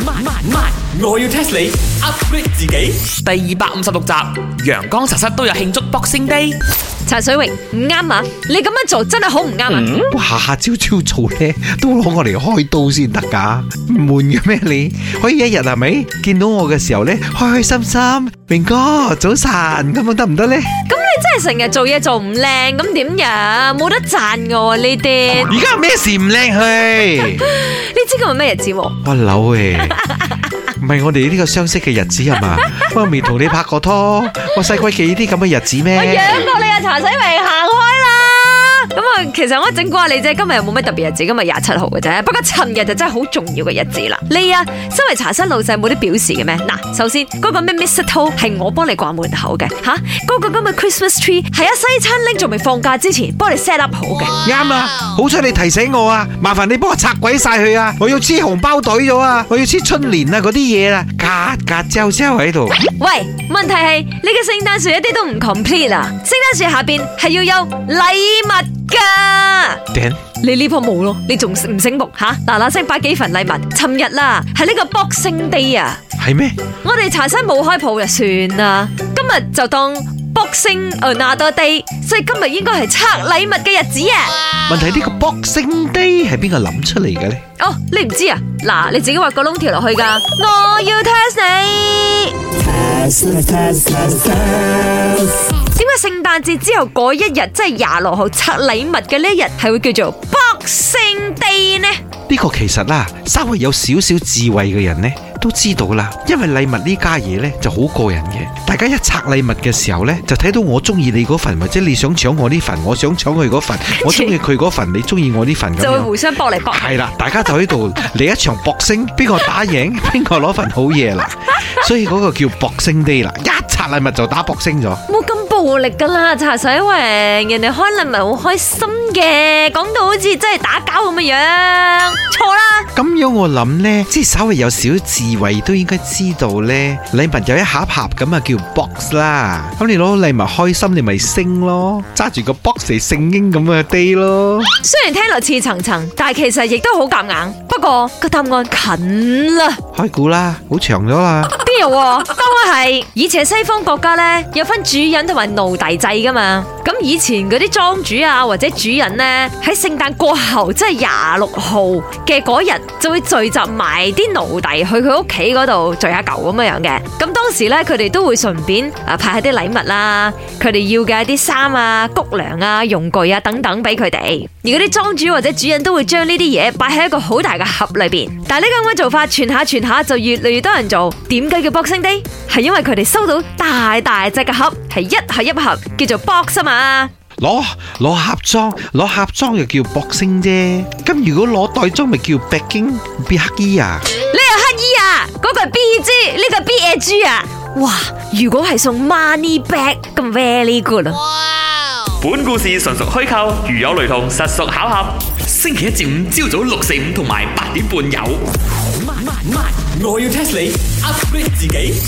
慢慢，我要 test 你 upgrade 自己。第二百五十六集，陽光茶室都有慶祝 Boxing Day。茶水榮唔啱啊？你咁樣做真係好唔啱啊！下下朝朝做咧，都攞我嚟開刀先得噶，悶嘅咩？你可以一日係咪見到我嘅時候咧，開開心心，明哥早晨，咁樣得唔得咧？即係成日做嘢做唔靚，咁點樣？冇得賺噶喎呢啲。而家有咩事唔靚去？ 你知今日咩日子冇？哇樓誒，唔係 我哋呢個相識嘅日子啊嘛？ 我未同你拍過拖，我使鬼記啲咁嘅日子咩？ 我養過你啊，茶水咪行開。咁啊，其實我整蠱你啫，今日又冇咩特別日子，今日廿七號嘅啫。不過尋日就真係好重要嘅日子啦。你啊，身為茶室老細，冇啲表示嘅咩？嗱，首先嗰、嗰個咩 mistletoe 係、e、我幫你掛門口嘅，吓，嗰個咁嘅 Christmas Tree 係啊，嗰個、個在西餐廳仲未放假之前，幫你 set up 好嘅。啱啦 Wow.，好彩你提醒我啊，麻煩你幫我拆鬼晒佢啊，我要黐紅包袋咗啊，我要黐春聯啊，嗰啲嘢啦，夾夾蕉蕉喺度。喂，問題係你嘅聖誕樹一啲都唔 complete 啊，聖誕樹下面係要有禮物。噶 Dan?，你呢鋪冇咯，你仲唔醒目吓？嗱嗱聲擺幾份禮物。尋日啦，係呢個 boxing day 啊，係咩嗎？我哋查身冇開鋪就算啦，今日就當 boxing another day，所以今日應該係拆禮物嘅日子啊。問題呢個 boxing day 係邊個諗出嚟嘅咧？哦，你唔知啊？嗱、啊，你自己挖個窿條落去噶，我要 test 你。點解聖誕節之後嗰一日，即係廿六號拆禮物嘅呢一日，係會叫做 Boxing Day 呢？呢個其實啦，稍微有少少智慧嘅人呢，都知道啦，因為禮物呢家嘢呢就好過癮嘅，大家一拆禮物嘅時候呢，就睇到我中意你嗰份，或者你想搶我呢份，我想搶佢嗰份，我中意佢嗰份，你中意我呢份 樣就會互相搏嚟搏了。係啦，大家就喺度嚟一場搏星，邊個打贏，邊個攞份好嘢啦，所以嗰個叫搏星 Day 啦，一拆禮物就打搏星咗。冇咁暴力噶啦，茶水榮人哋開禮物好開心嘅，講到好似真係打交咁嘅樣。咁樣我諗咧，即係稍微有少智慧都應該知道咧，禮物有一盒盒咁啊，叫 box 啦。咁你攞到禮物開心，你咪升咯，揸住個 box 嚟聖經咁嘅 day 咯。雖然聽落似層層，但係其實亦都好夾硬。不過個答案近啦，開估啦，好長咗喇。邊有啊？係以前西方國家咧，有分主人同埋奴隸制噶嘛，咁以前嗰啲莊主啊或者主人咧，喺聖誕過後即係廿六號嘅嗰日就會聚集埋啲奴隸去佢屋企嗰度聚下舊咁樣樣嘅，咁當時咧，佢哋都會順便派啊派下啲禮物啦，佢哋要嘅一啲衫啊穀糧啊用具啊等等俾佢哋，而嗰啲莊主或者主人都會將呢啲嘢擺喺一個好大嘅盒裏邊，但係呢個咁嘅做法傳下傳下就越嚟越多人做。點解叫 Boxing Day？係因為佢哋收到大大隻嘅盒，係一盒一盒，叫做 box 啊嘛。攞攞盒裝，攞盒裝又叫 boxing 啫。咁如果攞袋裝咪叫 bagging，be 黑衣啊。你又乞衣啊？嗰個 bg，呢個 bag 啊？哇！如果係送 money bag 咁 very good 啦。哇！本故事純屬虛構，如有雷同，實屬巧合。星期一至五朝早六四五同埋八點半有。我要 test 你，upgrade 自己。